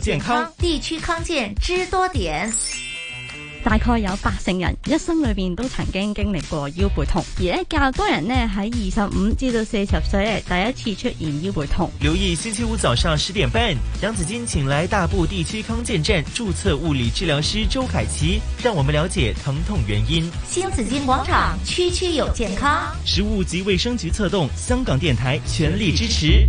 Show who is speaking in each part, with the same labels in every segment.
Speaker 1: 健康地區康健知多點，大概有八成人一生裏面都曾經經歷過腰背痛，而呢較多人呢喺二十五至到四十歲第一次出現腰
Speaker 2: 背痛。留意星期五早上十點半，楊子矜請來大埔地區康健站註冊物理治療師周凱琪，讓我們了解疼痛原因。
Speaker 3: 新紫荊廣場區區有健康，
Speaker 2: 食物及衛生局策動，香港電台全力支持。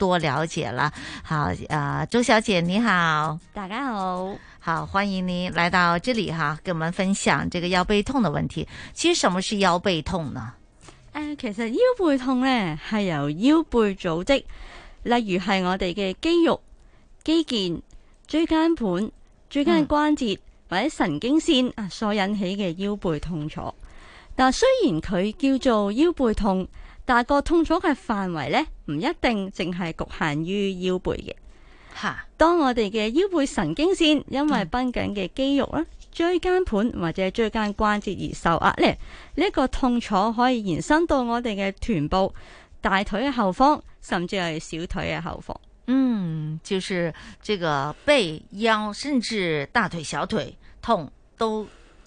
Speaker 3: 多了解啦，好，啊、呃，周小姐你好，大家好，好，歡迎你來到這裏哈、啊，跟我們分享這個腰背痛的問題。其實什麼是腰背痛呢？誒、
Speaker 1: 呃，其實腰背痛咧係由腰背組織，例如係我哋嘅肌肉、肌腱、椎間盤、椎間、椎間關節、嗯、或者神經線啊所引起嘅腰背痛楚。但雖然佢叫做腰背痛。但係個痛楚嘅範圍呢，唔一定淨係局限於腰背嘅。吓，當我哋嘅腰背神經線因為繃緊嘅肌肉啦、椎間盤或者椎間關節而受壓咧，呢、呢、一個痛楚可以延伸到我哋嘅臀部、大腿嘅後方，甚至係小腿嘅後方。嗯，就是這個背腰甚至大腿、小腿痛都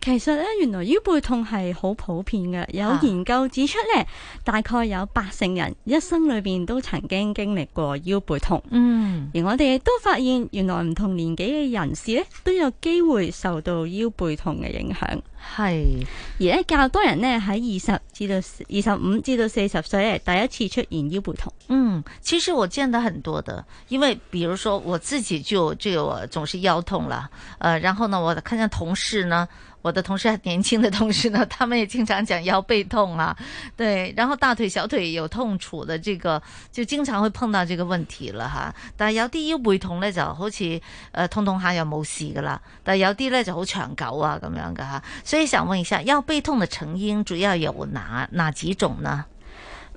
Speaker 1: 其實咧，原來腰背痛係好普遍嘅。有研究指出咧、啊，大概有八成人一生裏邊都曾經經歷過腰背痛。嗯。而我哋亦都發現，原來唔同年紀嘅人士咧，都有機會受到腰背痛嘅影響。係。而咧，較多人咧喺二十至到二十五至到四十歲咧，第一次出現腰背痛。嗯，其實我見
Speaker 3: 得很多的，因為，比如說我自己就就我總是腰痛啦。誒、呃，然後呢，我看見同事呢。我的同事年輕的同事呢，他們也經常講腰背痛啊，對，然後大腿、小腿有痛楚的，這個就經常會碰到這個問題啦哈，但係有啲腰背痛咧，就好似誒、呃、痛痛下又冇事噶啦，但係有啲咧就好長久啊，咁樣噶吓。所以想問一下，腰背痛的成因主要有哪哪幾種呢？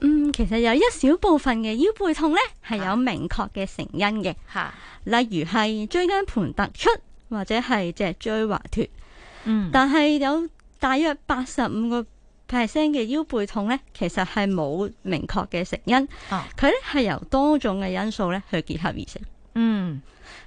Speaker 3: 嗯，
Speaker 1: 其實有一小部分嘅腰背痛咧係有明確嘅成因嘅吓、啊，例如係椎間盤突出或者係脊椎滑脫。嗯，但係有大約八十五個 percent 嘅腰背痛咧，其實係冇明確嘅成因。哦、啊，佢咧係由多種嘅因素咧去結合而成。嗯，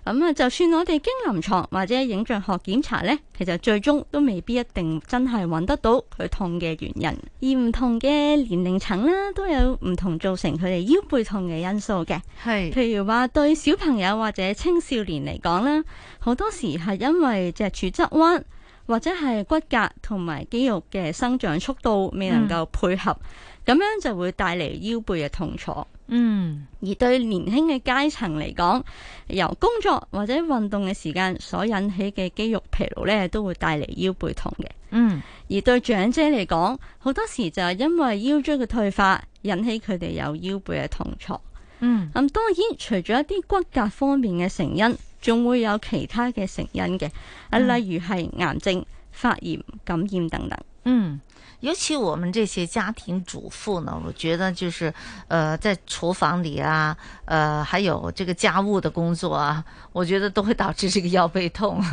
Speaker 1: 咁、嗯、啊，就算我哋經臨床或者影像學檢查咧，其實最終都未必一定真係揾得到佢痛嘅原因。而唔同嘅年齡層啦，都有唔同造成佢哋腰背痛嘅因素嘅。係，譬如話對小朋友或者青少年嚟講啦，好多時係因為脊柱側彎。或者係骨骼同埋肌肉嘅生長速度未能夠配合，咁樣，嗯，就會帶嚟腰背嘅痛楚。嗯，而對年輕嘅階層嚟講，由工作或者運動嘅時間所引起嘅肌肉疲勞咧，都會帶嚟腰背痛嘅。嗯，而對長者嚟講，好多時就係因為腰椎嘅退化引起佢哋有腰背嘅痛楚。嗯，咁、嗯、當然除咗一啲骨骼方面嘅成因，仲會有其他嘅成因嘅，啊，例如係癌症、發炎、感染等等。
Speaker 4: 嗯，
Speaker 3: 尤其我們這些家庭主婦呢，我覺得就是，呃，在廚房裏啊，呃，還有這個家務的工作啊，我覺得都會導致這個腰背痛。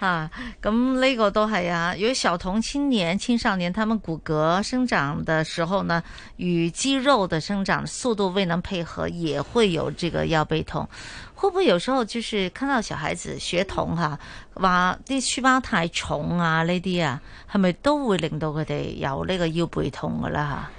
Speaker 3: 啊，咁呢個都係啊，有小童、青年、青少年，他們骨骼生長的時候呢，與肌肉的生長速度未能配合，也會有這個腰背痛。會唔會有時候就是看到小孩子學童嚇話啲書包太重啊呢啲啊，係咪都會令到佢哋有呢個腰
Speaker 1: 背痛㗎啦？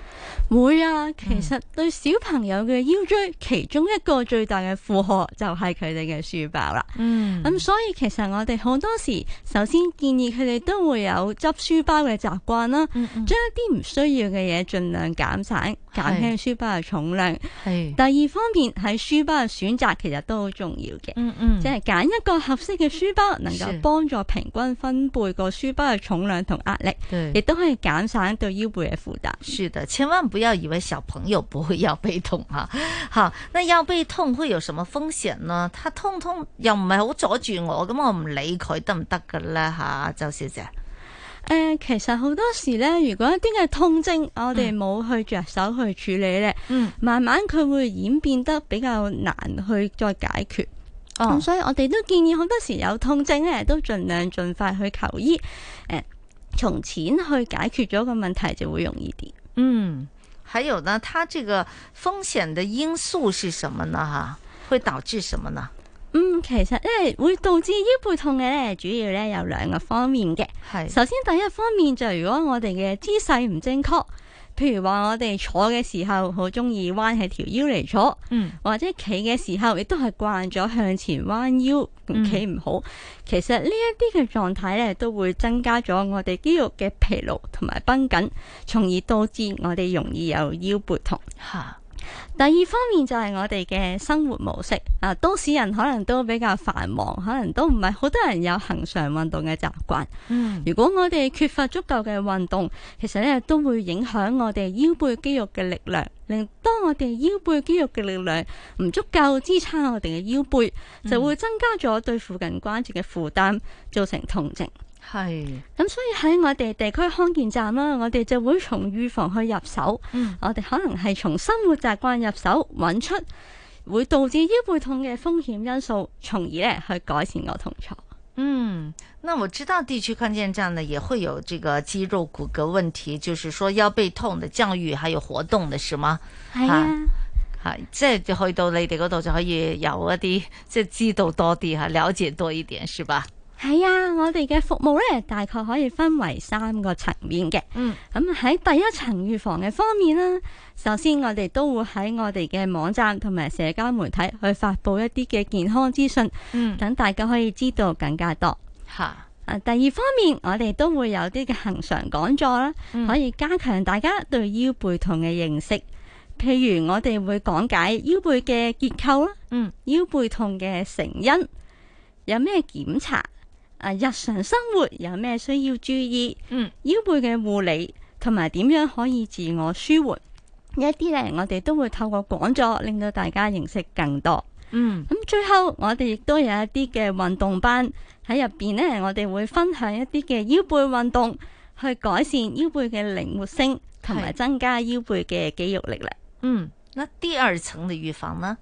Speaker 1: 會啊，其實對小朋友嘅腰椎、嗯、其中一個最大嘅負荷就係佢哋嘅書包啦。嗯，咁、嗯、所以其實我哋好多時首先建議佢哋都會有執書包嘅習慣啦，將、嗯嗯、一啲唔需要嘅嘢盡量減省，減輕書包嘅重量。係。第二方面喺書包嘅選擇其實都好重要嘅，嗯嗯，即係揀一個合適嘅書包，能夠幫助平均分配個書包嘅重量同壓力，對，亦都可以減省對腰背嘅負擔。是的，千萬不要。不要以為小朋友不會腰背痛哈、啊，哈，那腰
Speaker 3: 背痛會有什麼風險呢？他痛痛又唔係好阻住我，咁我唔理佢得
Speaker 1: 唔得噶啦？吓，周小姐，誒、呃，其實好多時咧，如果一啲嘅痛症，我哋冇去着手去處理咧、嗯，慢慢佢會演變得比較難去再解決。哦、嗯，咁所以我哋都建議好多時有痛症咧，都盡量盡快去求醫，誒、呃，從淺去解決咗個問題就會容易啲。嗯。還有呢，它這個風險的因素是什麼
Speaker 3: 呢？哈，會
Speaker 1: 導致什麼呢？嗯，其實因為會導致腰背痛嘅咧，主要咧有兩個方面嘅。係，首先第一方面就係如果我哋嘅姿勢唔正確。譬如話我哋坐嘅時候好中意彎起條腰嚟坐，嗯，或者企嘅時候亦都係慣咗向前彎腰企唔好，嗯，其實呢一啲嘅狀態咧都會增加咗我哋肌肉嘅疲勞同埋繃緊，從而導致我哋容易有腰背痛。第二方面就係我哋嘅生活模式啊，都市人可能都比較繁忙，可能都唔係好多人有恒常運動嘅習慣。嗯，如果我哋缺乏足夠嘅運動，其實咧都會影響我哋腰背肌肉嘅力量。令當我哋腰背肌肉嘅力量唔足夠支撐我哋嘅腰背，就會增加咗對附近關節嘅負擔，造成痛症。係咁，所以喺我哋地區康健站啦，我哋就會從預防去入手。我、嗯、哋、嗯嗯嗯、可能係從生活習慣入手，揾出會導致腰背痛嘅風險因素，從而咧去改善我痛楚。
Speaker 4: 嗯，
Speaker 3: 那我知道地區康健站呢，也會有這個肌肉骨骼問題，就是說腰背痛的、教育還有活動的，是嗎？係、哎、啊，好，即係就去到你哋嗰度就可以有一啲即係知道多啲吓，了解多一點，是吧？
Speaker 1: 係啊，我哋嘅服務咧，大概可以分為三個層面嘅。嗯，咁、嗯、喺第一層預防嘅方面啦，首先我哋都會喺我哋嘅網站同埋社交媒體去發佈一啲嘅健康資訊，嗯，等大家可以知道更加多。吓，啊，第二方面我哋都會有啲嘅恒常講座啦，可以加強大家對腰背痛嘅認識、嗯。譬如我哋會講解腰背嘅結構啦，嗯，腰背痛嘅成因，有咩檢查？日常生活有咩需要注意？嗯，腰背嘅護理同埋點樣可以自我舒緩？一啲咧，我哋都會透過講座令到大家認識更多。嗯，咁最後我哋亦都有一啲嘅運動班，喺入邊咧，我哋會分享一啲嘅腰背運動，去改善腰背嘅靈活性同埋增加腰背嘅肌肉力量。嗯，那第二層嘅預防呢？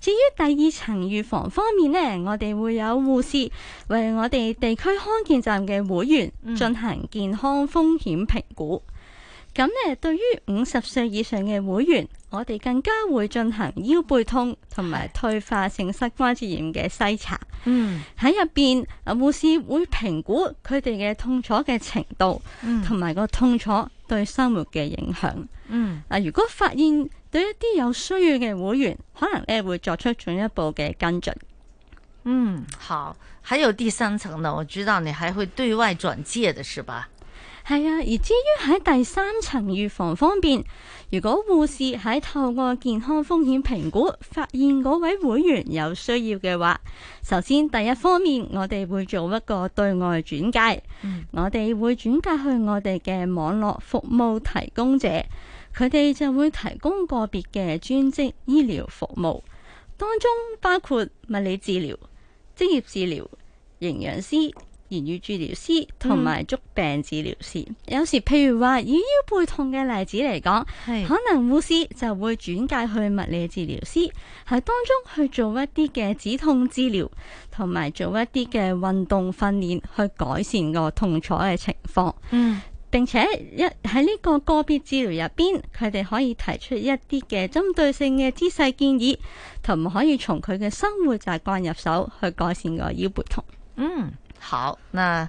Speaker 1: 至於第二層預防方面咧，我哋會有護士為我哋地區康健站嘅會員進行健康風險評估。咁、嗯、咧，對於五十歲以上嘅會員，我哋更加會進行腰背痛同埋退化性膝關節炎嘅篩查。嗯，喺入邊，護士會評估佢哋嘅痛楚嘅程度，同埋個痛楚對生活嘅影響。嗯，嗱，如果發現，對一啲有需要嘅會員，可能咧會作出進一步嘅跟進。
Speaker 4: 嗯，
Speaker 1: 好喺有啲第三層度，我知道你係會對外轉介嘅，是吧？係啊，而至於喺第三層預防方面，如果護士喺透過健康風險評估發現嗰位會員有需要嘅話，首先第一方面我哋會做一個對外轉介，嗯、我哋會轉介去我哋嘅網絡服務提供者。佢哋就會提供個別嘅專職醫療服務，當中包括物理治療、職業治療、營養師、言語治療師同埋足病治療師。嗯。有時譬如話以腰背痛嘅例子嚟講，可能護士就會轉介去物理治療師喺當中去做一啲嘅止痛治療，同埋做一啲嘅運動訓練去改善個痛楚嘅情況。嗯。並且一喺呢個個別治療入邊，佢哋可以提出一啲嘅針對性嘅姿勢建議，同埋可以從佢嘅生活習慣入手去改善個腰背痛。嗯，好，嗱。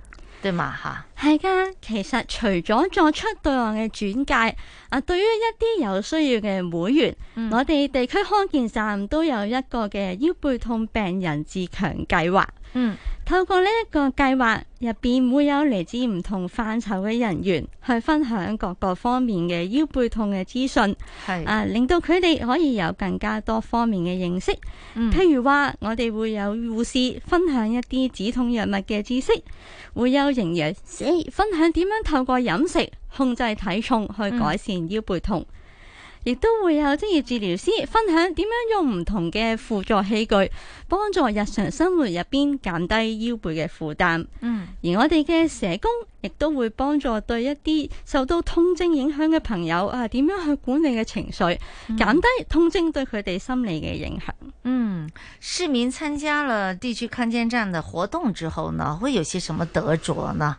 Speaker 1: 對嘛吓，係噶。其實除咗作出對岸嘅轉介，啊，對於一啲有需要嘅會員，嗯，我哋地區康健站都有一個嘅腰背痛病人自強計劃。嗯，透過呢一個計劃入邊會有嚟自唔同範疇嘅人員去分享各個方面嘅腰背痛嘅資訊，係啊，令到佢哋可以有更加多方面嘅認識。嗯，譬如話我哋會有護士分享一啲止痛藥物嘅知識，會有營養師分享點樣透過飲食控制體重去改善腰背痛。嗯。亦都會有職業治療師分享點樣用唔同嘅輔助器具幫助日常生活入邊減低腰背嘅負擔。嗯，而我哋嘅社工亦都會幫助對一啲受到痛症影響嘅朋友啊，點樣去管理嘅情緒，減低痛症對佢哋心理嘅影響。嗯，
Speaker 3: 市民參加了地區康健站的活動之後呢，會有些什麼得着呢？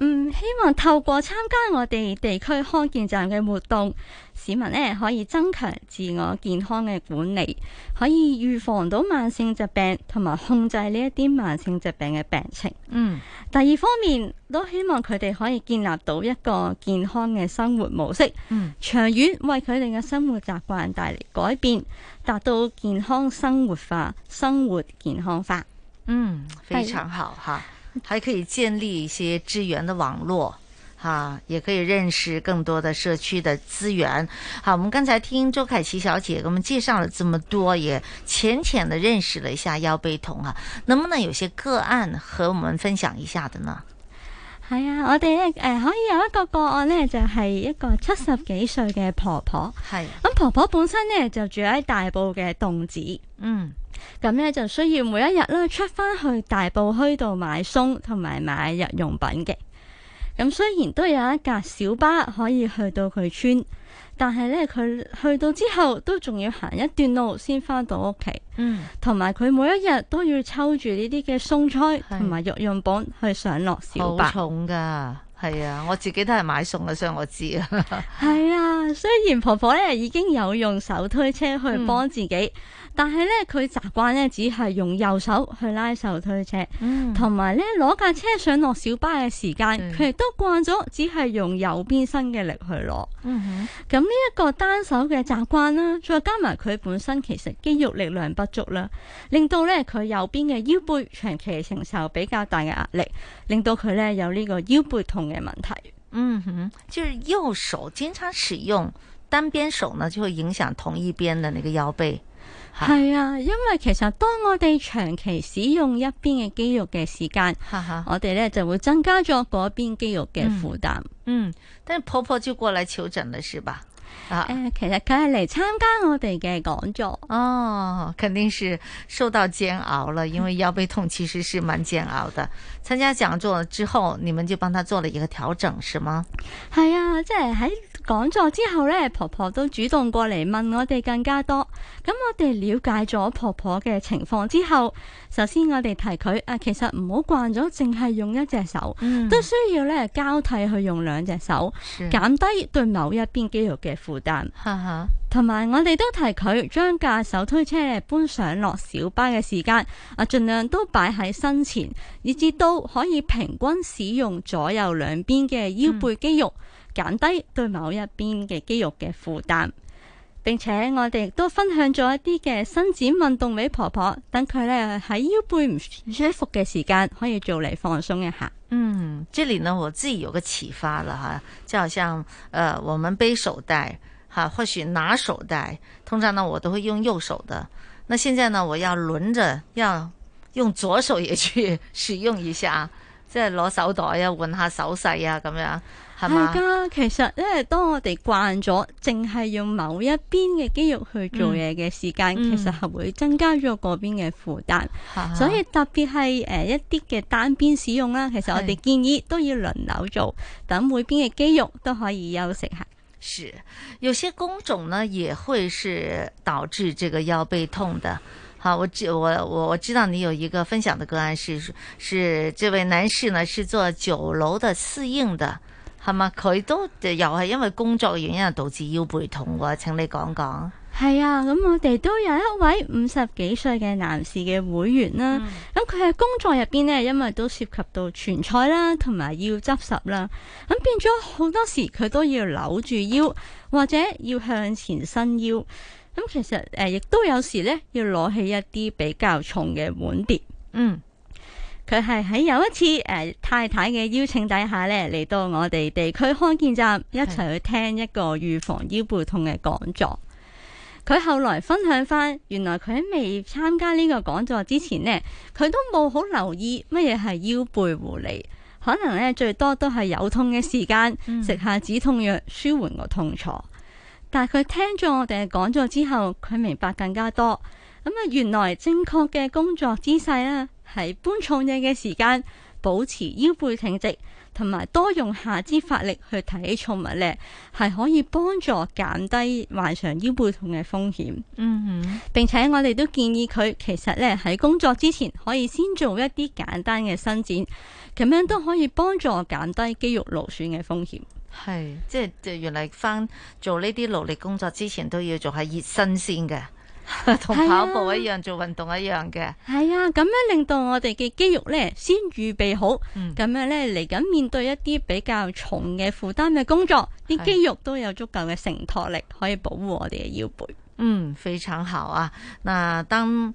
Speaker 1: 嗯，希望透過參加我哋地區康健站嘅活動，市民呢可以增強自我健康嘅管理，可以預防到慢性疾病，同埋控制呢一啲慢性疾病嘅病情。嗯，第二方面都希望佢哋可以建立到一個健康嘅生活模式。嗯，長遠為佢哋嘅生活習慣帶嚟改變，達到健康生活化、生活健康化。嗯，非常好吓。還可以建立一些支
Speaker 3: 援的網絡，哈，啊，也可以認識更多的社區的資源。好，啊，我們剛才聽周凱琪小姐給我們介紹了這麼多，也淺淺的認識了一下腰背痛啊，能不能有些個案和我們分享一下的呢？
Speaker 1: 係啊，我哋咧誒，可以有一個個案呢，就係、是，一個七十幾歲嘅婆婆，係，嗯，咁婆婆本身呢，就住喺大埔嘅洞子，嗯。咁咧就需要每一日咧出翻去大埔墟度買餸同埋買日用品嘅。咁雖然都有一架小巴可以去到佢村，但係咧佢去到之後都仲要行一段路先翻到屋企。嗯，同埋佢每一日都要抽住呢啲嘅餸菜同埋日用品去上落小巴。好重噶係啊！我自己都係買餸嘅，所以我知啊。係 啊，雖然婆婆咧已經有用手推車去幫自己。嗯但係咧，佢習慣咧，只係用右手去拉手推車，同埋咧攞架車上落小巴嘅時間，佢、嗯、亦都慣咗只係用右邊身嘅力去攞。咁呢一個單手嘅習慣啦，再加埋佢本身其實肌肉力量不足啦，令到咧佢右邊嘅腰背長期承受比較大嘅壓力，令到佢咧有呢個腰背痛嘅問題。嗯哼，
Speaker 3: 即係、右手經常使用單邊手呢，就會影響同一邊嘅那個腰背。
Speaker 1: 係啊，因為其實當我哋長期使用一邊嘅肌肉嘅時間，哈哈我哋咧就會增加咗嗰邊肌肉嘅負擔嗯。嗯，
Speaker 3: 但婆婆就過嚟求診了，是吧？
Speaker 1: 啊，誒，其實佢係嚟參加我哋嘅講座。哦，肯定是受到煎熬了，因為腰背痛其實是蠻煎熬的。嗯，參加講座之後，你們就幫她做了一個調整，是嗎？係啊，即係喺。講座之後咧，婆婆都主動過嚟問我哋更加多。咁我哋了解咗婆婆嘅情況之後，首先我哋提佢啊，其實唔好慣咗淨係用一隻手，嗯、都需要咧交替去用兩隻手，減低對某一邊肌肉嘅負擔。哈哈。同埋我哋都提佢將架手推車搬上落小巴嘅時間啊，盡量都擺喺身前，以至都可以平均使用左右兩邊嘅腰背肌肉。嗯減低對某一邊嘅肌肉嘅負擔，並且我哋亦都分享咗一啲嘅伸展運動俾婆婆，等佢咧喺腰背唔舒服嘅時間可以做嚟放鬆一下。嗯，即係我自己有個啟發啦吓，即好像，
Speaker 3: 呃、我們背手袋，吓或許拿手袋，通常呢我都會用右手的，那現在呢我要輪着要用左手也去使
Speaker 1: 用一下，即係攞手袋啊，換下手勢啊咁樣。係噶，其實咧，當我哋慣咗淨係用某一邊嘅肌肉去做嘢嘅時間、嗯，其實係會增加咗嗰邊嘅負擔。所以特別係誒一啲嘅單邊使用啦，其實我哋建議都要輪流做，等每邊嘅肌肉都可以休息下。是
Speaker 3: 有些工種呢，也會是導致這個腰背痛的。好，我知我我我知道你有一個分享的個案，是是這位男士呢，是做酒樓的侍應的。係咪？佢都又係因為工作的原因導致腰背痛嘅，請你講講。
Speaker 1: 係啊，咁我哋都有一位五十幾歲嘅男士嘅會員啦。咁佢喺工作入邊呢，因為都涉及到傳菜啦，同埋要執拾啦，咁變咗好多時佢都要扭住腰，或者要向前伸腰。咁其實誒，亦都有時呢，要攞起一啲比較重嘅碗碟。嗯。佢係喺有一次、呃、太太嘅邀請底下呢，嚟到我哋地區康健站一齊去聽一個預防腰背痛嘅講座。佢後來分享翻，原來佢喺未參加呢個講座之前呢，佢都冇好留意乜嘢係腰背護理，可能呢最多都係有痛嘅時間食下止痛藥舒緩個痛楚。嗯、但係佢聽咗我哋嘅講座之後，佢明白更加多。咁啊，原來正確嘅工作姿勢啊！喺搬重嘢嘅時間，保持腰背挺直，同埋多用下肢發力去提起重物咧，係可以幫助減低患上腰背痛嘅風險。嗯，並且我哋都建議佢其實咧喺工作之前，可以先做一啲簡單嘅伸展，咁樣都可以幫助減低肌肉勞損嘅風險。係，即係即係原
Speaker 3: 來翻做呢啲勞力工作之前，都要做一下熱身先嘅。同跑步一樣，啊、做運動一樣嘅。
Speaker 1: 係啊，咁樣令到我哋嘅肌肉呢先預備好，咁、嗯、樣呢嚟緊面對一啲比較重嘅負擔嘅工作，啲、嗯、肌肉都有足夠嘅承托力，可以保護我哋嘅腰背。嗯，非常好
Speaker 3: 啊。嗱，當。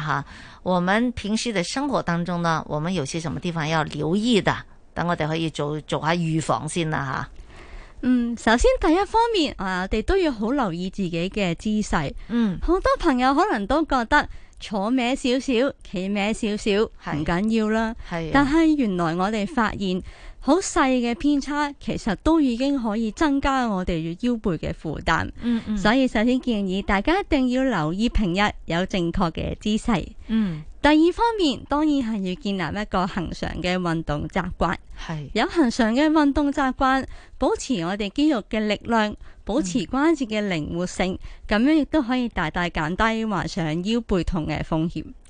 Speaker 3: 吓，我們平時的生活當中呢，我們有些什
Speaker 1: 麼地方要留意的？等我哋可以做做下預防先啦，吓。嗯，首先第一方面，啊、我哋都要好留意自己嘅姿勢。嗯，好多朋友可能都覺得坐歪少少，企歪少少唔緊要啦。係、啊，但係原來我哋發現。好細嘅偏差，其實都已經可以增加我哋腰背嘅負擔。嗯
Speaker 4: 嗯，所以
Speaker 1: 首先建議大家一定要留意平日有正確嘅姿勢。
Speaker 4: 嗯，
Speaker 1: 第二方面當然係要建立一個恆常嘅運動習慣。係有恆常嘅運動習慣，保持我哋肌肉嘅力量，保持關節嘅靈活性，咁、嗯、樣亦都可以大大減低患上腰背痛嘅風險。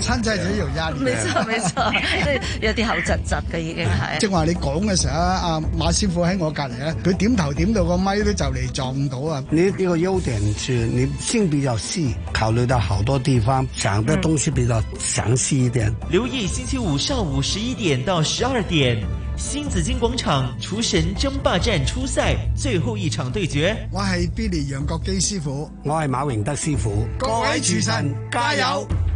Speaker 5: 參賽者要壓力沒錯沒
Speaker 3: 錯，即 係有啲口窒窒嘅已經係。
Speaker 6: 即係話你講嘅時候，阿、啊、阿馬師傅喺我隔籬咧，佢點頭點到個咪都就嚟撞到啊！你呢個優點是，你心比較細，考慮到好多地方，
Speaker 7: 想的東西比較詳細一點，嗯。
Speaker 2: 留意星期五上午十一點到十二點，新紫荊廣場廚神爭霸戰初賽最後一場對決。我係 Billy 楊國基師傅，我係馬榮德師傅，各位廚神加油！加油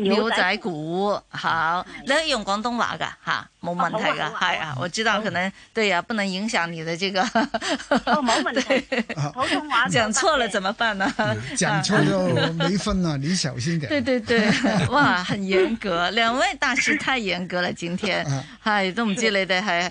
Speaker 3: 牛仔骨，牛仔骨好那、嗯、用廣東話的哈，冇問題的哈、哦哎、呀、哦、我知道可能、哦、對呀、啊、不能影響你的這個哈哈哈哈哈哈，講錯了、哦、怎麼辦呢、啊、講錯就
Speaker 6: 沒分了 你小心點，對
Speaker 3: 對對，哇很嚴格 兩位大師太嚴格了，今天嗨都唔知你哋係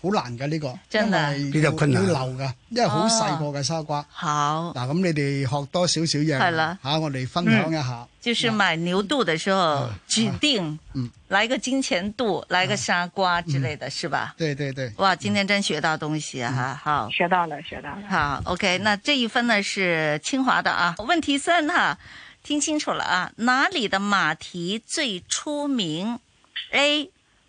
Speaker 6: 好、這個、難嘅呢個，真係佢就困難流噶，因為好細個嘅沙瓜。哦、好，嗱咁你哋學多少少嘢，係啦，吓、啊、我哋分享一下、嗯。
Speaker 3: 就是買牛肚嘅時候，啊、指定嗯來個金錢肚，啊、來個沙瓜之類嘅、嗯，是吧？對對對。哇，今天真學到東西、嗯、啊，好。學到了，學到了。好，OK，那這一分呢是清華的啊。問題三哈，聽清楚了啊，哪裏的馬蹄最出名？A。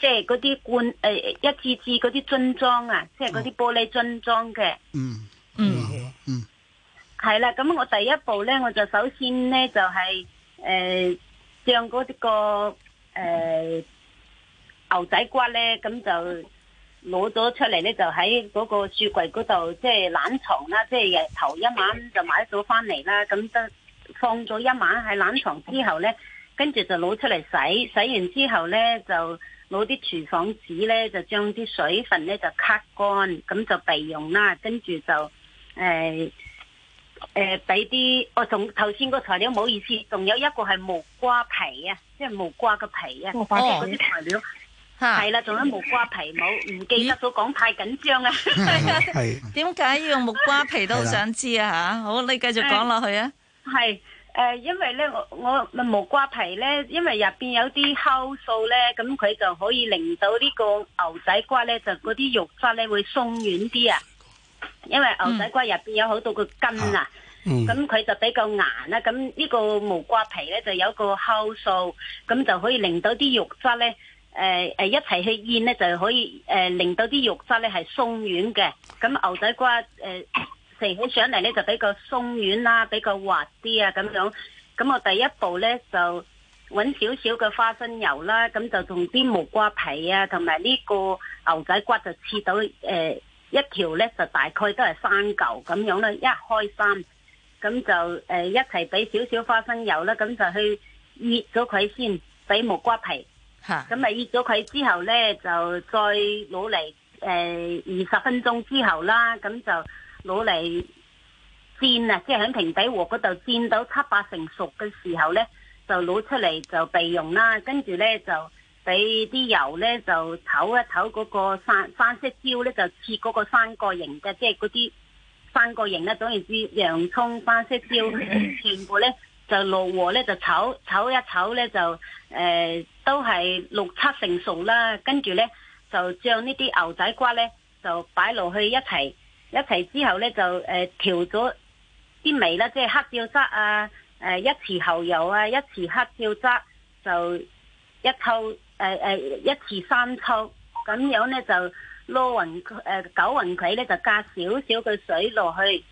Speaker 8: 即係嗰啲罐誒、呃，一支支嗰啲樽裝啊，即係嗰啲玻璃樽裝嘅。嗯嗯嗯，係、嗯、啦。咁我第一步咧，我就首先咧就係誒將嗰啲個誒、呃、牛仔骨咧，咁就攞咗出嚟咧，就喺嗰個雪櫃嗰度，即係冷藏啦。即、就、係、是、頭一晚就買咗翻嚟啦，咁就放咗一晚喺冷藏之後咧，跟住就攞出嚟洗，洗完之後咧就。攞啲廚房紙咧，就將啲水分咧就吸乾，咁就備用啦。跟住就誒誒俾啲，我仲頭先個材料，唔好意思，仲有一個係木瓜皮啊，即係木瓜個皮啊，即係嗰啲材料。係、啊、啦，仲有木瓜皮冇？唔記得咗講，太緊張 啊。係點解要用木瓜皮都好
Speaker 3: 想知啊？吓，
Speaker 8: 好，你繼續講落去啊。係。誒、呃，因為咧，我我木瓜皮咧，因為入邊有啲酵素咧，咁佢就可以令到呢個牛仔骨咧，就嗰啲肉質咧會鬆軟啲啊。因為牛仔骨入邊有好多個筋啊，咁、嗯、佢、嗯、就比較硬啦，啊。咁呢個木瓜皮咧就有一個酵素，咁就可以令到啲肉質咧，誒、呃、誒一齊去醃咧，就可以誒、呃、令到啲肉質咧係鬆軟嘅。咁牛仔骨誒。呃食起上嚟咧就比較鬆軟啦，比較滑啲啊，咁樣。咁我第一步咧就搵少少嘅花生油啦，咁就同啲木瓜皮啊，同埋呢個牛仔骨就切到誒、呃、一條咧，就大概都係三嚿咁樣啦，一開三，咁就誒、呃、一齊俾少少花生油啦，咁就去醃咗佢先，俾木瓜皮。吓，咁啊醃咗佢之後咧，就再攞嚟誒二十分鐘之後啦，咁就。攞嚟煎啊，即係喺平底鑊嗰度煎到七八成熟嘅時候呢，就攞出嚟就備用啦。跟住呢，就俾啲油呢，就炒一炒嗰個三三色椒呢，就切嗰個三角形嘅，即係嗰啲三角形呢，總而言之，洋蔥、三色椒， 全部呢就落鑊呢，就炒炒一炒呢，就誒、呃、都係六七成熟啦。跟住呢，就將呢啲牛仔骨呢，就擺落去一齊。一齊之後咧，就誒調咗啲味啦，即係黑椒汁啊，誒，一匙蚝油啊，一匙黑椒汁就一抽誒誒一匙三抽咁樣咧，就撈匀誒攪匀佢咧，就加少少嘅水落去，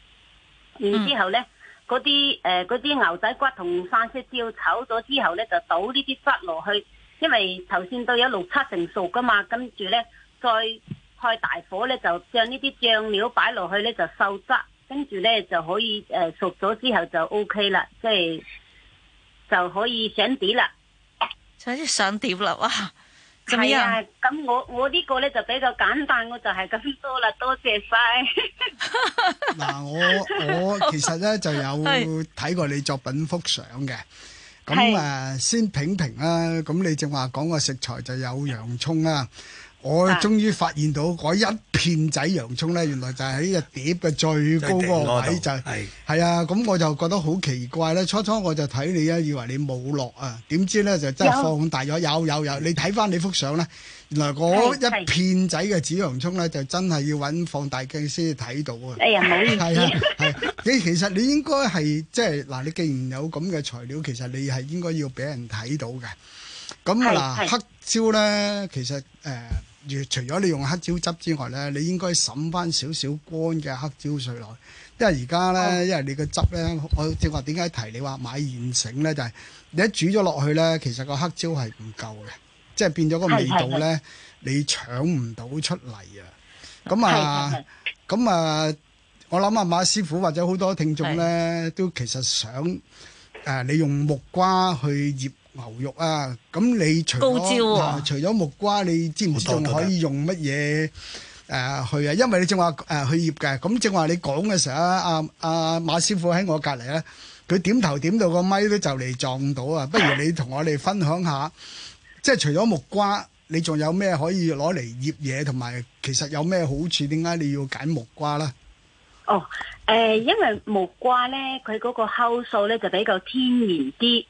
Speaker 8: 然之後咧，嗰啲誒嗰啲牛仔骨同三色椒炒咗之後咧，就倒呢啲汁落去，因為頭先都有六七成熟噶嘛，跟住咧再。開大火咧就將呢啲醬料擺落去咧就收汁，跟住咧就可以誒熟咗之後就 O K 啦，即係就可以上碟啦。
Speaker 3: 總之上碟啦，哇！係啊，
Speaker 8: 咁我我呢個咧就比較簡單，我就係咁多啦，多謝晒。
Speaker 6: 嗱，我我其實咧就有睇過你作品幅相嘅，咁誒先品評啦。咁你正話講個食材就有洋蔥啊。我終於發現到嗰一片仔洋葱咧，原來就係喺個碟嘅最高嗰個位就係係啊！咁我就覺得好奇怪咧。初初我就睇你啊，以為你冇落啊，點知咧就真係放大咗，有有有！你睇翻你幅相咧，原來嗰一片仔嘅紫洋葱咧，就真係要揾放大鏡先睇到啊！哎呀，冇意思。係啊，你其實你應該係即係嗱，你既然有咁嘅材料，其實你係應該要俾人睇到嘅。咁嗱，黑椒咧，其實誒。除咗你用黑椒汁之外呢，你應該滲翻少少乾嘅黑椒碎落，因為而家呢，嗯、因為你個汁呢，我正話點解提你話買現成呢？就係、是、你一煮咗落去呢，其實個黑椒係唔夠嘅，即係變咗個味道呢，是是是你搶唔到出嚟啊！咁啊，咁啊，我諗啊，馬師傅或者好多聽眾呢，是是都其實想誒、呃，你用木瓜去醃牛肉啊！咁你除咗除咗木瓜，你知唔知仲可以用乜嘢？誒，去啊！因為你正話誒去醃嘅，咁正話你講嘅時候咧，阿阿馬師傅喺我隔籬咧，佢點頭點到個咪都就嚟撞到啊！不如你同我哋分享下，即係除咗木瓜，你仲有咩可以攞嚟醃嘢，同埋其實有咩好處？點解你要揀木瓜啦？哦，誒，因為木瓜
Speaker 8: 咧，佢嗰個酵素咧就比較天然啲。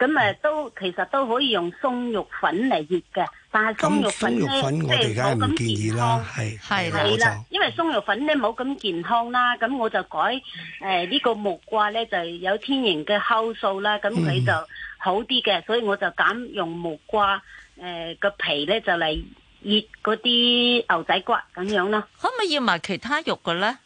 Speaker 8: 咁誒都其實都可以用鬆肉粉嚟醃嘅，但係鬆肉粉咧，即係冇咁
Speaker 4: 健康，係係啦，
Speaker 8: 因為鬆肉粉咧冇咁健康啦。咁我就改誒呢個木瓜咧，就係有天然嘅酵素啦，咁佢就好啲嘅，所以我就揀用木瓜誒個皮咧就嚟醃嗰啲牛仔骨
Speaker 3: 咁樣咯。可唔可以醃埋其他肉嘅咧？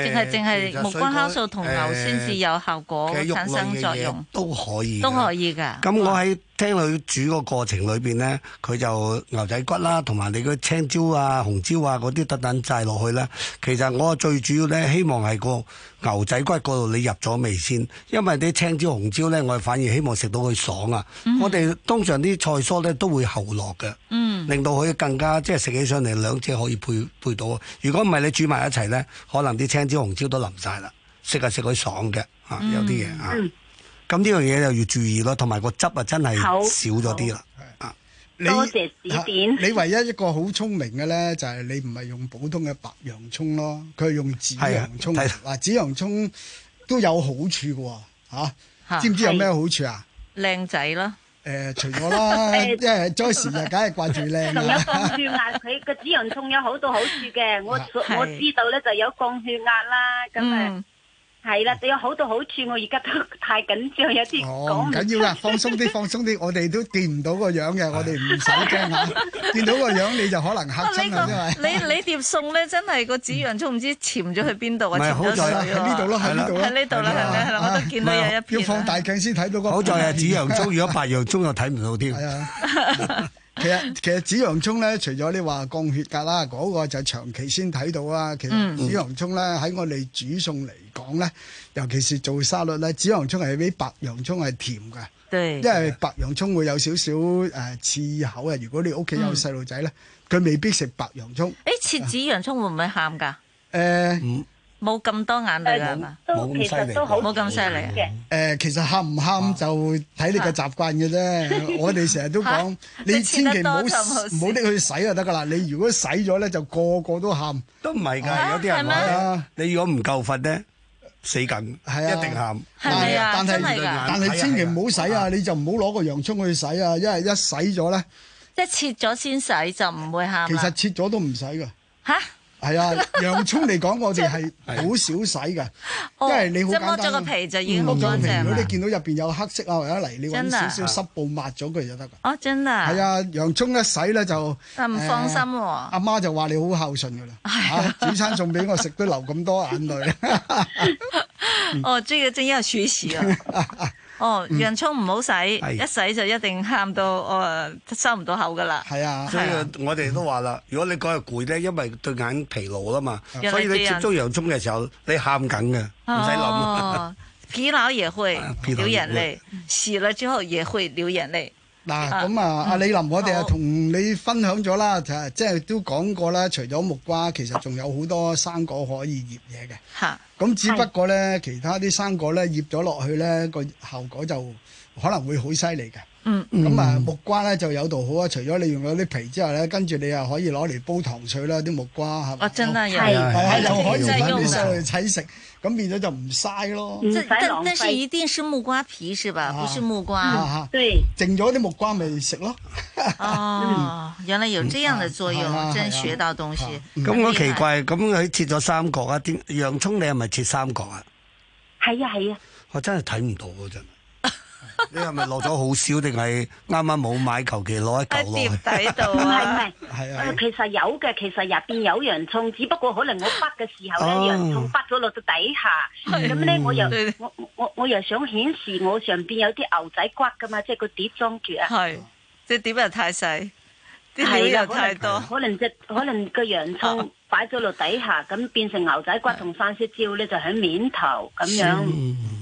Speaker 3: 淨係淨係木瓜酵素同牛先至有效果，產生作用？
Speaker 7: 都可以的，都
Speaker 3: 可以㗎。咁、
Speaker 7: 嗯、我喺。青女煮個過程裏邊呢，佢就牛仔骨啦，同埋你個青椒啊、紅椒啊嗰啲等等滯落去呢。其實我最主要呢，希望係個牛仔骨嗰度你入咗味先，因為啲青椒紅椒呢，我反而希望食到佢爽啊。嗯、我哋通常啲菜蔬呢都會後落嘅，令到佢更加即係食起上嚟兩者可以配配到。如果唔係你煮埋一齊呢，可能啲青椒紅椒都淋晒啦，食啊食佢爽嘅啊，有啲嘢啊。嗯。咁呢樣嘢就要注意咯，同埋個汁啊，真係少咗啲啦。
Speaker 6: 啊，多謝指點。你唯一一個好聰明嘅咧，就係你唔係用普通嘅白洋蔥咯，佢係用紫洋蔥。嗱、啊，紫洋蔥都有好處嘅，吓、啊啊啊，知唔知有咩好處啊？
Speaker 3: 靚仔咯。
Speaker 6: 誒、呃，除我啦。誒 Yeah, 即係在食物，梗係掛住靚啦。仲有降血壓，佢
Speaker 3: 個紫洋蔥有好多
Speaker 8: 好處嘅。我、啊、我知道咧、啊，就有降血壓啦。咁、嗯、啊。你係啦，有好多好處，我而家都太緊張，有
Speaker 6: 啲講唔出。唔緊要噶，放鬆啲，放鬆啲，我哋都掂唔到個樣嘅， 我哋唔使驚啊！ 見到個樣你就可能嚇親、啊這個啊、你
Speaker 3: 你碟疊餸咧，真係個紫洋葱唔知潛咗去邊度啊？好啊在喺呢度咯，喺呢度啦，喺呢度啦，喺呢度啦，我都見到有
Speaker 6: 一要放大鏡先睇到個。好
Speaker 7: 在、啊、係紫洋葱，如果白
Speaker 6: 洋葱就睇唔到添。啊 是的。 其實其實紫洋蔥咧，除咗你話降血壓啦，嗰個就長期先睇到啊。其實紫洋蔥咧，喺、那個嗯、我哋煮餸嚟講咧，尤其是做沙律咧，紫洋蔥係比白洋蔥係甜嘅。
Speaker 4: 對、因為
Speaker 6: 白洋蔥會有少少誒刺口啊。如果你屋企有細路仔咧，佢、嗯、未必食白洋蔥。
Speaker 3: 誒，切紫洋蔥會唔會喊噶？
Speaker 6: 誒、呃。嗯
Speaker 3: 冇咁多眼淚㗎嘛，都其實都好，冇咁犀利
Speaker 6: 嘅。誒，其實喊唔喊就睇你嘅習慣嘅啫。我哋成日都講，你千祈唔好唔好拎去洗就得噶啦。你如果洗咗咧，就個個都喊，都唔係㗎。有啲人話啦，
Speaker 7: 你如果唔夠瞓咧，死緊，
Speaker 6: 係啊，一定喊。係啊，真係㗎。但係千祈唔好洗啊，你就唔好攞個洋葱去洗啊，因為一洗咗咧，
Speaker 3: 即係切咗先洗就唔會喊。其實
Speaker 6: 切咗都唔洗㗎。嚇！係啊，洋葱，嚟講，我哋係好少洗嘅，因為你好剝咗個皮就已經
Speaker 3: 好乾淨。如、嗯、果你
Speaker 6: 見到入邊有黑色啊或者泥，你揾少少濕布抹咗佢就得。哦，真啊！係啊，洋葱一洗咧就唔放心喎。阿、啊、媽，媽就話你好孝順噶啦，煮、 啊、餐餸俾我食都流咁多眼淚。
Speaker 3: 哦，這個真要學習啊.！ 哦，洋蔥唔好洗、嗯，一洗就一定喊到我、啊哦、收唔到口㗎喇。係
Speaker 7: 啊，所以我哋都話啦、啊，如果你講係攰咧，因為眼勞對眼疲勞啦嘛，所以你接觸洋蔥嘅時候，你喊緊嘅，唔使諗。
Speaker 3: 哦，疲 勞也會，、啊、也會流眼淚、嗯，洗了之後也會流眼淚。
Speaker 6: 嗱，咁啊，阿、嗯啊、李林，我哋啊同你分享咗啦，就即係都講過啦。除咗木瓜，其實仲有好多生果可以醃
Speaker 2: 嘢嘅。
Speaker 6: 咁、啊啊、只不過咧，其他啲生果咧醃咗落去咧，個效果就可能會好犀利嘅。嗯，
Speaker 4: 咁啊、嗯，木
Speaker 6: 瓜咧就有度好啊。除咗你用咗啲皮之後咧，跟住你又可以攞嚟煲糖水啦，啲木瓜我真係，係可以上去食。咁變咗就唔嘥咯。但但但是一
Speaker 3: 定是木瓜皮是吧？啊、不是木瓜。嗯、對。
Speaker 6: 剩咗啲木瓜
Speaker 3: 咪食咯。 哦，原來有這樣的作用，嗯啊、真係學到東西。咁、啊啊啊啊啊、我奇
Speaker 7: 怪，咁佢切咗三角啊？點？洋葱你係咪切三角啊？係啊係啊。我真係睇唔到嘅啫。 你係咪落咗好少，定係啱啱冇買，求其攞一嚿落？碟喺
Speaker 8: 度唔係唔係，係係、呃。其實有嘅，其實入邊有洋葱，只不過可能我篤嘅時候咧，哦、洋葱篤咗落到底下，咁、嗯、咧我又我我我又想顯示我上邊有啲牛仔骨噶嘛，即係個碟裝住啊。係，隻碟又太細，
Speaker 9: 啲料又太多。
Speaker 8: 可能只可能個洋葱
Speaker 3: 擺咗落底下，咁、哦、變成牛仔骨同三色椒咧就喺面頭咁樣。嗯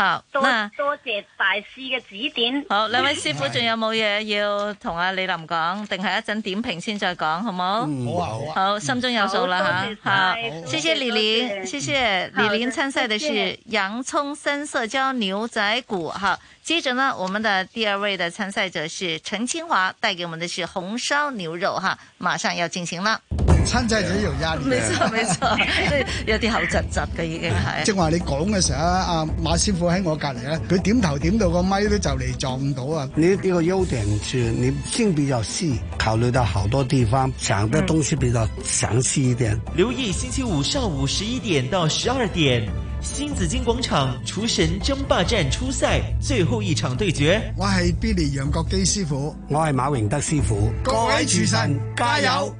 Speaker 3: 好，那多謝大
Speaker 8: 師嘅指點。好，兩位師傅仲有
Speaker 3: 冇嘢要同阿李林講？定係一陣點評先再講，好冇？好啊，好啊。好，心中有數啦，吓。好，謝謝李林，謝謝李林參賽的是洋蔥三色椒牛仔骨。好，接着呢，我們的第二位的參賽者是程清華，帶給我們的是紅燒牛肉。哈，馬上要進行了。親
Speaker 6: 仔仔有壓力，沒錯，沒
Speaker 3: 錯，即 係有啲口窒窒嘅已經係。正
Speaker 6: 話你講嘅時候，阿、啊、阿馬師傅喺我隔籬咧，佢點頭點到個咪都就嚟撞到啊！你呢個優點是，你心比較
Speaker 7: 細，考慮到好多地方，想嘅東西比較詳細一點。嗯、
Speaker 2: 留意星期五上午十一點到十二點，新紫荊廣場廚神爭霸戰初賽最後一場對決。我係 Billy 楊國基師傅，我係馬榮德師
Speaker 7: 傅，
Speaker 10: 各位廚神加油！加油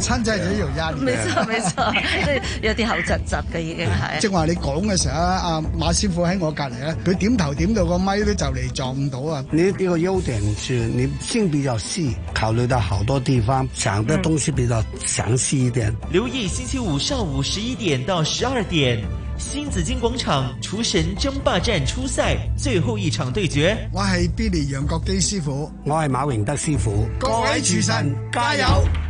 Speaker 6: 親仔仔又一，冇錯冇錯，即係
Speaker 3: 有啲口窒窒嘅已經係。正
Speaker 6: 話你講嘅時候啊，阿馬師傅喺我隔籬咧，佢點頭點到個咪都就嚟撞唔到啊！你呢個優點就你心比較細，考
Speaker 7: 慮到好多地方，想嘅東西比較詳細一點。嗯、
Speaker 2: 留意星期五上午十一點到十二點，新紫荊廣場廚神爭霸戰初賽最後一場對決。我係 Billy 楊國基師傅，我係馬榮德師傅，各位廚神加油！加油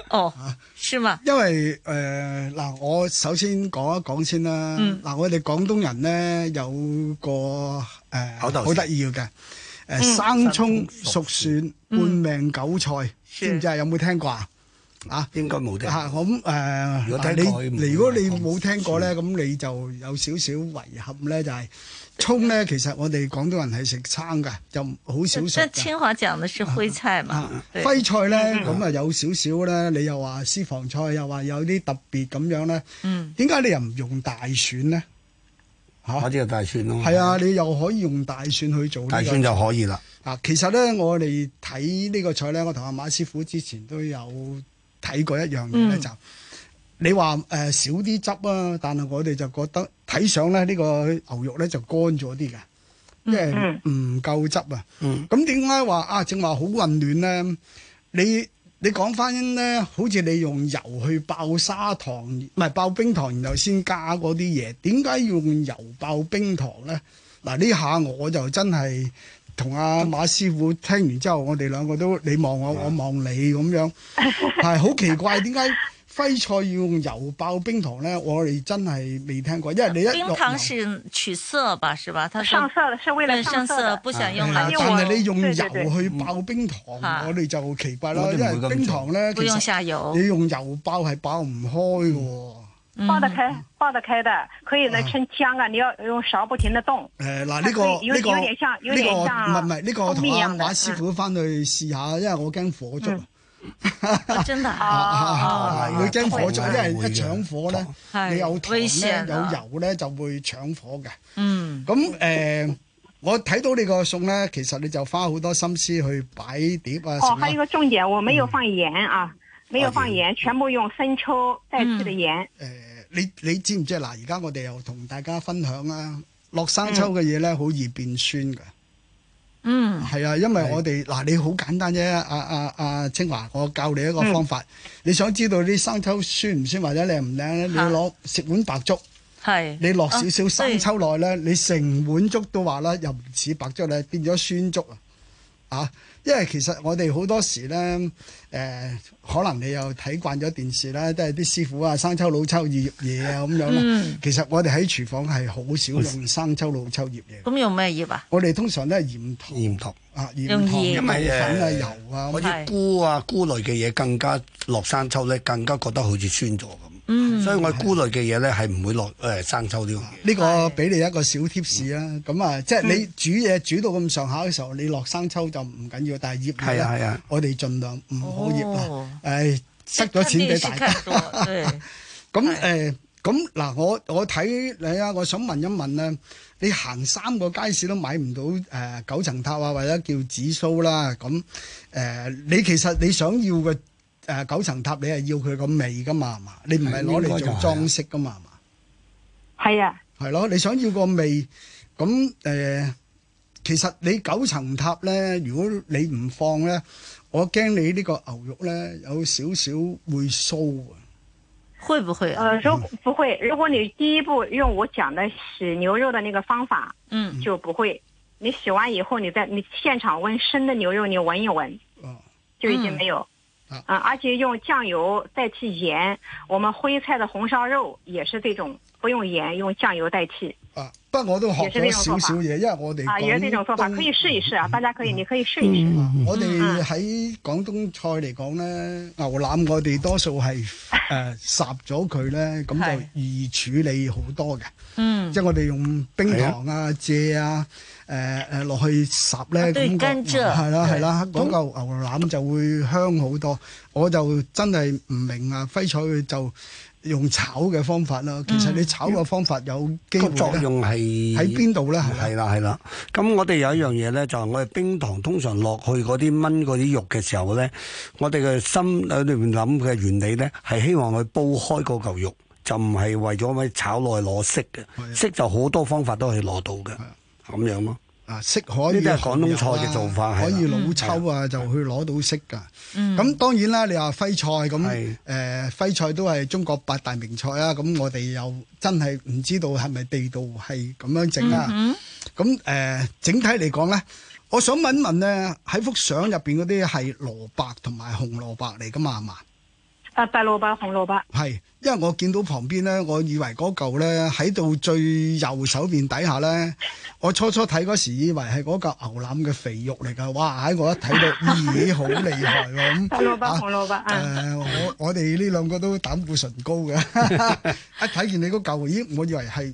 Speaker 6: 哦，嚇，是嘛？因為誒嗱、呃，我首先講一講先啦。嗱、嗯，我哋廣東人咧有個誒、呃、好得意嘅誒、呃嗯、生葱熟蒜、嗯、半命韭菜，嗯、知唔知啊？有冇聽過啊？啊，應該冇聽過。咁、啊、誒、嗯呃啊，你你如果你冇聽過咧，咁、嗯、你就有少少遺憾咧，就係、是，葱咧 其實我哋廣東人係食生噶，就好少食。但係
Speaker 3: 清華講嘅係徽菜嘛，徽、啊啊、
Speaker 6: 菜咧咁啊有少少咧，你又話私房菜又話有啲特別咁樣咧。嗯，點解你又唔用大蒜咧？嚇、嗯，或、啊、
Speaker 7: 者大蒜咯。係啊，
Speaker 6: 你又可以用大蒜去做。大蒜就可以啦。嗱、啊，其實咧我哋睇呢個菜咧，我同阿馬師傅之前都有。睇過一樣嘢咧就，你話誒、呃、少啲汁啊，但係我哋就覺得睇上咧呢個牛肉咧就乾咗啲嘅，即係唔夠汁啊。咁點解話啊？正話好混亂咧。你你講翻咧，好似你用油去爆砂糖，唔係爆冰糖，然後先加嗰啲嘢。點解要用油爆冰糖咧？嗱呢下我就真係。同阿、啊、馬師傅聽完之後，我哋兩個都你望我，我望你咁樣，係 好奇怪點解徽菜要用油爆冰糖咧？我哋真係未聽過，因為你一冰糖是取
Speaker 3: 色吧，是吧？佢上，上色的是為了上色，不想用奶油、啊。但係你用油
Speaker 6: 去爆冰糖，對對對對我哋就奇怪啦、啊，因為冰糖咧，不用下油，你用油爆係爆唔開嘅。嗯
Speaker 11: 爆、嗯、得開，爆得開的，可以來蒸槍啊！啊你要用
Speaker 6: 勺不停的動。誒、啊、嗱，呢、這個呢、這個呢、這個唔係唔係，呢、這個我同阿馬師傅翻去試一下，啊、因為我驚火燭。嗯啊、真係。係啊係驚、啊啊啊啊、火燭、啊，因為一搶火咧、啊啊，你有糖呢、啊、有油咧，就會搶火嘅。嗯。咁、嗯、誒，我睇到你個餸咧，其實你就花好多心思去擺碟啊。哦，還有一個
Speaker 11: 重點，我沒有放鹽啊，沒有放鹽，全部用生抽
Speaker 6: 代替的鹽。你你知唔知嗱，而家我哋又同大家分享啦，落生抽嘅嘢咧好易變酸嘅。嗯，係、嗯、啊，因為我哋嗱你好簡單啫，阿阿阿清華，我教你一個方法。嗯、你想知道啲生抽酸唔酸或者靚唔靚咧？你要攞食碗白粥，
Speaker 4: 係你落少
Speaker 6: 少生抽落咧，你成碗粥都話咧又唔似白粥咧，變咗酸粥啊！啊，因為其實我哋好多時咧，誒、呃。可能你又睇慣咗電視啦，都係啲師傅啊，生抽老抽醃嘢啊，咁樣啦。其實我哋喺廚房係好少用生抽老抽醃嘢。咁用咩醃啊？我哋通常都係鹽糖、鹽糖啊、鹽糖，因為
Speaker 7: 粉啊、是是油啊嗰啲菇啊菇類嘅嘢更加落生抽咧，更加覺得好似酸咗咁。所以我哋菇類嘅嘢咧係唔會落誒生抽添。
Speaker 6: 呢個俾你一個小貼士啦。咁啊，即係你煮嘢煮到咁上下嘅時候，你落生抽就唔緊要，但係醃係啊係啊，我哋盡量唔好醃啊。誒，塞咗錢俾大家。咁誒，咁嗱，我我睇你啊，我想問一問咧，你行三個街市都買唔到誒九層塔啊，或者叫紫蘇啦。咁誒，你其實你想要嘅？誒，九層塔你係要佢個味噶嘛？嘛，你唔係攞嚟做裝飾噶嘛？嘛，係啊，係咯，你想要個味，咁誒、呃，其實你九層塔咧，如果你唔放咧，我驚你呢個牛肉咧有少少會騷啊。會唔會、啊？呃、嗯，如
Speaker 11: 果不會，如果你第一步用我講嘅「洗牛肉嘅那個方法，嗯，就不會。你洗完以後，你再你現場聞生嘅牛肉，你聞一聞，就已經沒有。嗯啊！而且用醬油代替鹽，我們徽菜的紅燒肉也是這種，不用鹽，用醬油代替。啊，不
Speaker 6: 過我都學咗少少嘢，因為我哋啊，也是這種做
Speaker 11: 法，可以試一試啊！嗯、大家可以、嗯，你可以試一試。嗯啊、
Speaker 6: 我哋喺廣東菜嚟講呢、嗯，牛腩我哋多數係誒，烚咗、啊、佢、呃、呢，咁就易處理好多嘅。嗯，即係我哋用冰糖啊、蔗啊。誒誒落去霎咧跟住。係啦係啦，嗰、那、嚿、個啊啊那個、牛腩就會香好多。我就真係唔明啊！輝彩佢就用炒嘅方法啦、嗯。其實你炒嘅方法有幾作用係喺邊度咧？
Speaker 7: 係啦係啦。咁、啊啊啊、我哋有一樣嘢咧，就係、是、我哋冰糖通常落去嗰啲燜嗰啲肉嘅時候咧，我哋嘅心喺裏邊諗嘅原理咧，係希望佢煲開嗰嚿肉，就唔係為咗咩炒落去攞色嘅色，啊、色就好多方法都可以攞到嘅。咁樣
Speaker 6: 咯，啊色可以、啊，呢啲係廣東菜嘅做法，係可以老抽啊，嗯、就去攞到色噶。咁、嗯、當然啦，你話徽菜咁，誒徽、呃、菜都係中國八大名菜啊。咁我哋又真係唔知道係咪地道係咁樣整啊。咁、嗯、誒、呃，整體嚟講咧，我想問一問咧，喺幅相入邊嗰啲係蘿蔔同埋紅蘿蔔嚟噶嘛？係咪？啊！白蘿蔔、紅蘿蔔係，因為我見到旁邊咧，我以為嗰嚿咧喺度最右手面底下咧，我初初睇嗰時以為係嗰嚿牛腩嘅肥肉嚟噶，哇！喺我一睇到， 咦，好厲害喎！白蘿蔔、紅蘿蔔，誒、啊呃，我我哋呢兩個都膽固醇高嘅，一睇 見你嗰嚿，咦，我以為係。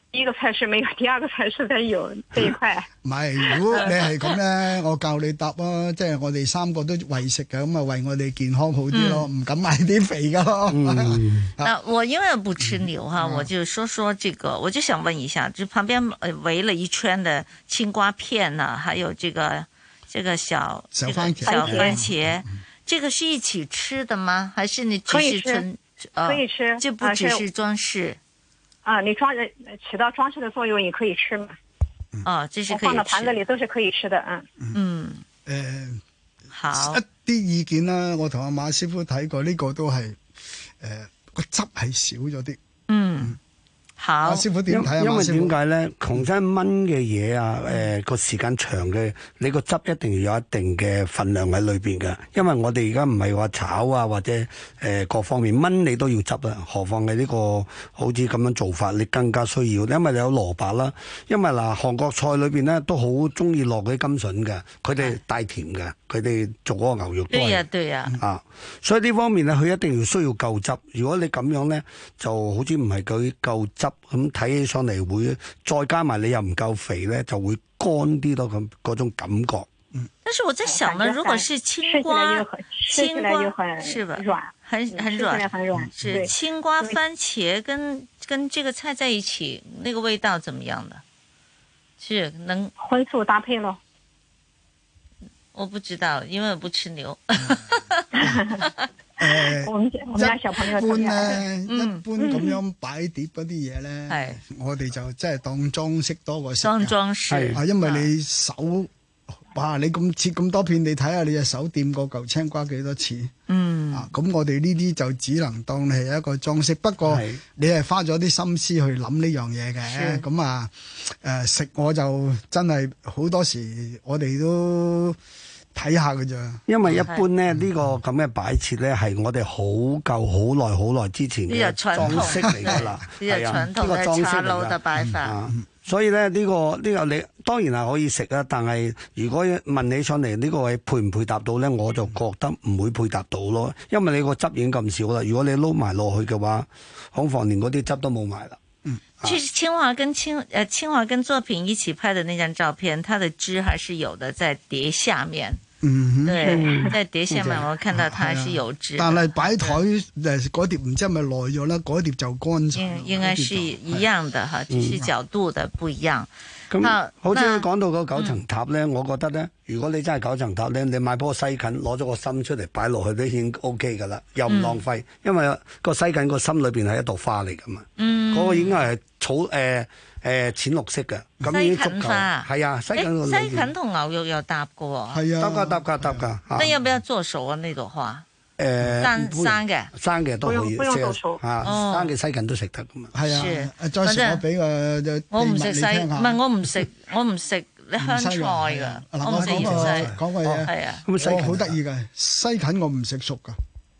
Speaker 11: 一個
Speaker 6: 菜式沒有，第二個菜式 是都有，這一塊。買如果你係咁呢，我教你答啊， 即係我哋三個都為食嘅，咁啊為我哋健康好啲咯，唔、嗯、敢買啲肥噶咯。嗯、 那
Speaker 3: 我因為不吃牛吓、嗯，我就說說這個、嗯，我就想問一下，就旁邊圍了一圈的青瓜片啊，還有這個這個小這個小番茄，小番茄，番茄、嗯，這個是一起吃的嗎？還是你只是純可、呃、可以吃，就不只是裝飾。啊啊，你裝的起到裝飾的
Speaker 11: 作用，你可以吃
Speaker 6: 嘛？啊、嗯，這是放到盤子裏都是可以吃的，啊。嗯。誒、嗯呃，好。一啲意見啦，我同阿馬師傅睇過，呢、這個都係，誒、呃，個汁係少咗啲。嗯。嗯。阿、啊、師傅點睇、啊、因為點
Speaker 7: 解咧，窮真炆嘅嘢啊，誒、呃、個時間長嘅，你個汁一定要有一定嘅份量喺裏邊嘅。因為我哋而家唔係話炒啊，或者誒、呃、各方面炆你都要汁啊。何況你呢、這個好似咁樣做法，你更加需要。因為你有蘿蔔啦，因為嗱、呃、韓國菜裏邊咧都好中意落嗰啲甘筍嘅，佢哋帶甜嘅，佢哋做嗰個牛
Speaker 4: 肉都、啊。
Speaker 3: 對呀、啊，
Speaker 7: 啊，所以呢方面咧，佢一定要需要夠汁。如果你咁樣咧，就好似唔係佢夠汁。咁睇起上嚟會，再加埋你又唔夠肥咧，就會乾啲咯。咁嗰種感覺。嗯，
Speaker 3: 但是我在想呢，如果是青瓜，青瓜是吧，軟，很很軟，是青瓜、番茄跟跟這個菜在一起，那個味道怎麼樣呢？是能葷素搭配咯。我不知道，因為我不吃牛。
Speaker 6: 誒，
Speaker 4: 即係一般咧，一般咁、嗯、樣
Speaker 6: 擺碟嗰啲嘢咧，係、嗯、我哋就真係當裝飾多過食，係啊，因為你手，哇、啊啊，你咁切咁多片，你睇下你隻手掂個嚿青瓜幾多次，
Speaker 4: 嗯，啊，
Speaker 6: 咁我哋呢啲就只能當係一個裝飾，不過是你係花咗啲心思去諗呢樣嘢嘅，咁啊，誒、啊，食我就真係好多時我哋都。睇下噶咋？因為一般咧呢
Speaker 7: 個咁嘅擺設咧，係我哋好舊好耐、好耐之前嘅裝飾嚟噶啦。呢個搶頭嘅茶樓嘅擺設，所以咧、呢個、呢個呢、呢個你當然係可以食啊。但係如果問你上嚟呢個係配唔配搭到咧，我就覺得唔會配搭到咯。因為你個汁已經咁少啦，如果你撈埋落去嘅話，恐防連嗰啲汁都冇埋啦。
Speaker 3: 就是清華跟清呃清華跟作品一起拍的那張照片，它的汁還是有的在碟下面。嗯哼，對，嗯，在碟下面我
Speaker 6: 看到它還是有汁、嗯。但係擺台呃，嗰碟唔知係咪耐咗啦，嗰碟就乾淨。應應該
Speaker 3: 是一樣的哈，只是，是角度的不一樣。嗯咁、嗯，好似你講
Speaker 7: 到個九層塔咧，我覺得咧，如果你真係九層塔咧，你買棵西芹攞咗個心出嚟擺落去都已經 O K 㗎啦，又唔浪費，嗯、因為個西芹個心裏面係一朵花嚟㗎嘛，嗰、嗯那個應該係草誒誒、呃呃、淺綠色嘅，咁已經足夠。係啊，西芹、欸、西芹
Speaker 3: 同牛肉又搭嘅喎、啊啊，啊，搭
Speaker 7: 搭搭搭搭架。你
Speaker 3: 有冇嘢做手啊？呢、那、朵、個、花？誒、呃、生嘅生嘅都可以，即生嘅，哦、西
Speaker 6: 芹都食得噶嘛？係啊、uh, 聽聽係啊。啊，再我俾個我唔食西
Speaker 3: 唔係我唔食我唔食你香菜㗎。我唔食，啊、西個好
Speaker 6: 得意嘅西芹我唔食熟㗎。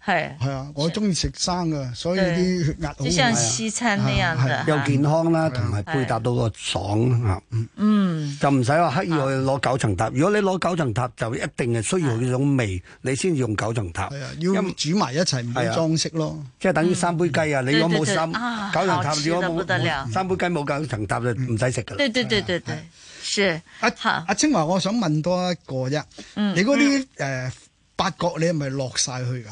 Speaker 6: 係係啊！我中意食生嘅，所以啲血壓好。就像西餐
Speaker 3: 那樣嘅，啊，又健
Speaker 7: 康啦，同埋配搭到個爽啊，嗯！嗯，就唔使話刻意去攞九層塔，啊。如果你攞九層塔，就一定係需要呢種味，你先用九層塔。係啊，要煮埋一齊，唔好裝飾咯。即係等於三杯雞啊，嗯！你如果冇心，九層塔得得，如果冇，嗯，三杯雞冇九層塔，嗯，就唔使食噶
Speaker 3: 啦。對對對對對，
Speaker 6: 是，啊。阿阿，啊啊，清華，我想問多一個啫，嗯。你嗰啲誒八角，你係咪落晒去噶？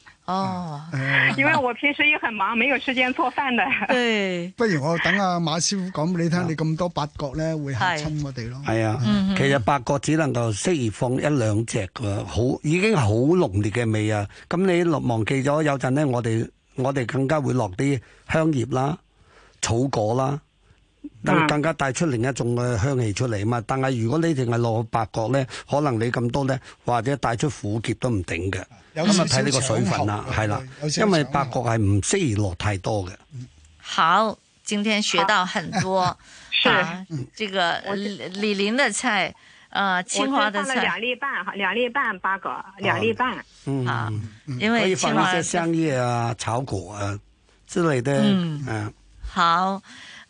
Speaker 11: 哦、嗯，因為我平時也很忙，沒有時間做飯
Speaker 6: 的。對，不如我等阿馬師傅講你聽、嗯，你咁多八角呢，會嚇親我哋咯。
Speaker 7: 係啊、嗯，其實八角只能夠適宜放一兩隻噶，好已經好濃烈嘅味啊。咁你忘記咗，有陣呢，我哋我哋更加會落啲香葉啦、草果啦。但更加帶出另一種嘅香氣出嚟嘛。嗯、但係如果你條係落八角咧，可能你咁多咧，或者帶出苦澀都唔頂嘅。咁啊睇呢個水分啦、啊，係、嗯、啦、啊嗯，因為八角係唔適宜落太多嘅。
Speaker 3: 好，今天學到很多，啊，呢、 啊這個李李林的菜，啊、呃，清華的菜。我兩粒
Speaker 11: 半，哈，兩粒半八角，兩粒半。
Speaker 3: 啊，嗯、
Speaker 7: 因為清華可以放一些香葉啊、草、嗯、果啊之類的，嗯，
Speaker 4: 啊、
Speaker 3: 好。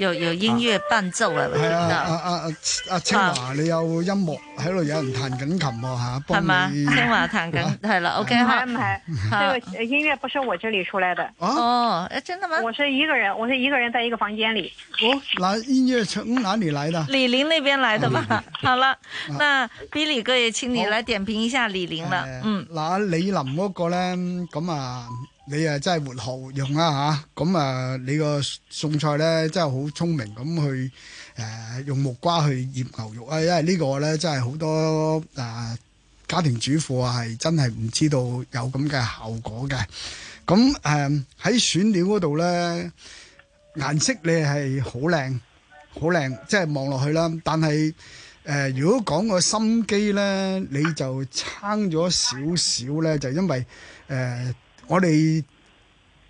Speaker 3: 有有音樂伴奏啊？係啊，阿啊阿
Speaker 6: 阿清華，你有音樂喺度，有人彈緊琴喎、啊，吓， 幫佢。係嘛？清華彈緊，係 啦。OK，好安排。 這個
Speaker 11: 音樂不是我這裏出來的。啊、哦，誒，真的
Speaker 3: 嗎？我是一個人，我是一個人在一個房間裏。
Speaker 6: 哦，那音樂從哪裏來的？
Speaker 3: 李林那邊來的嘛、 啊。好了，那 Billy 哥也請你來點評一下李林了、
Speaker 6: 哦呃、嗯，那李林嗰個呢，咁啊。你活何活啊，真係活學活用啦吓咁啊，你個餸菜呢，真係好聰明咁去誒、呃、用木瓜去醃牛肉啊，因為呢個呢，真係好多誒家庭主婦啊，係真係唔知道有咁嘅效果嘅。咁誒喺選料嗰度呢，顏色你係好靚，好靚，即係望落去啦。但係誒、呃，如果講個心機呢，你就差咗少少呢，就因為誒。呃我哋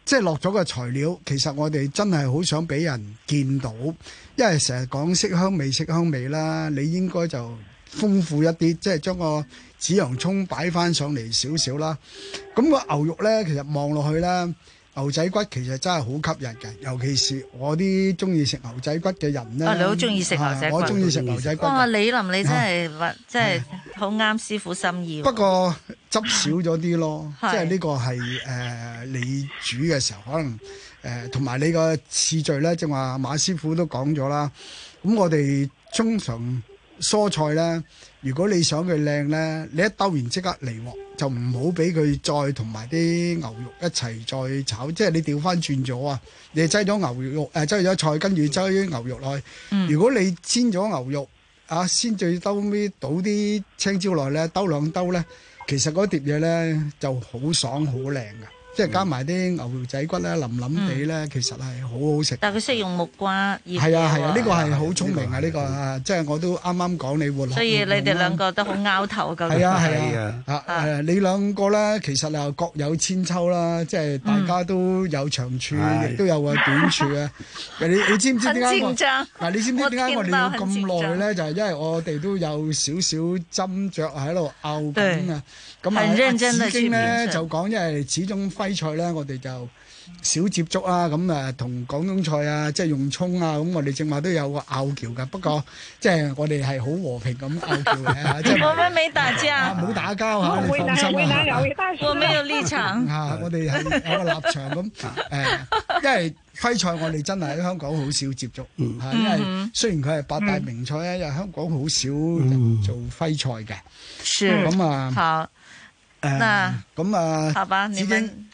Speaker 6: 即係落咗個材料，其實我哋真係好想俾人見到，因為成日講色香味色香味啦，你應該就豐富一啲，即係將個紫洋蔥擺翻上嚟少少啦。咁個牛肉呢，其實望落去呢。牛仔骨其實真係好吸引人，尤其是我啲中意食牛仔骨嘅人咧、哦。你好中意食牛仔骨，我中意食牛仔骨。哇、哦，李林你真係、
Speaker 3: 啊、真係好啱師傅心意。不過
Speaker 6: 執少咗啲咯， 即係呢個係誒、呃、你煮嘅時候，可能誒同埋你個次序咧，正話馬師傅都講咗啦。咁、嗯、我哋通常蔬菜咧。如果你想佢靚呢，你一兜完即刻離鑊，就唔好俾佢再同埋啲牛肉一齊再炒，即係你調翻轉咗啊！你擠咗牛肉誒，擠咗、呃、擠菜，跟住擠啲牛肉落去、嗯。如果你煎咗牛肉啊，先最兜尾倒啲青椒落去呢，兜兩兜呢，其實嗰碟嘢呢就好爽好靚嘅。即係加埋啲牛仔骨咧，腍腍地咧，其實係好好食。但係佢識用木瓜，係啊係啊，呢個係好聰明啊！呢個即係我都啱啱講你活學。所以你哋兩
Speaker 3: 個都好拗頭咁。係啊
Speaker 6: 係啊，嚇誒！你兩個咧其實啊各有千秋啦，即係大家都有長處，亦都有啊短處啊。你你知唔知點解，嗱，你知唔知點解我哋要咁耐咧？就係因為我哋都有少少斟酌喺度拗緊啊。咁啊，子矜咧就講，因為始終。徽菜咧，我哋就少接觸啦、啊。咁誒同廣東菜啊，即係用葱啊，咁我哋正話都有個拗撬嘅。不過即係我哋係好和平咁拗撬
Speaker 3: 嘅，即係唔好打交啊，冇 我、 啊、打交啊,打啊,打啊打，放心啦、啊啊。我們沒有立場。啊、 我哋係有個立場咁
Speaker 6: 誒、 啊，因為徽菜我哋真係喺香港好少接觸、嗯、因為雖然佢係八大名菜咧，因為、嗯、香港好少做徽菜嘅、嗯。是咁啊、嗯，好。咁啊,啊，好吧，你們。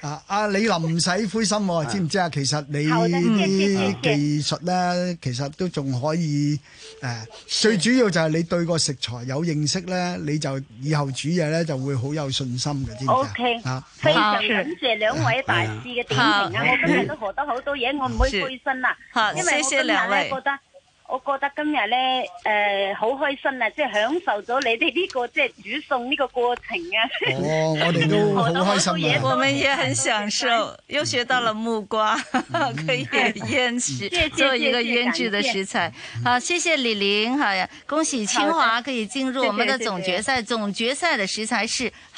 Speaker 6: 啊！阿李林唔使灰心、哦，知唔知啊？其實你啲技術咧、嗯，其實都仲可以。誒、啊，最主要就係你對個食材有認識咧，你就以後煮嘢咧就會好有信心嘅啲嘅。O K，嚇，非常感謝兩
Speaker 4: 位大
Speaker 8: 師嘅點評啊！我今日都學得好多嘢，我唔會灰心啊！嚇，因為我今日咧覺得。我覺得今日呢，誒、呃、好開心啊！即係享受咗你哋呢、
Speaker 3: 這個即係煮餸呢個過程啊！
Speaker 6: 哦，我哋都好開心、啊， 我們也很
Speaker 3: 享受，又學到了木瓜、嗯嗯、 可以醃、啊、製，做、嗯嗯、一個醃製的食材。謝謝謝謝、嗯。好，謝謝李林，好呀！恭喜清華可以進入我們的總決賽，總決賽的食材是。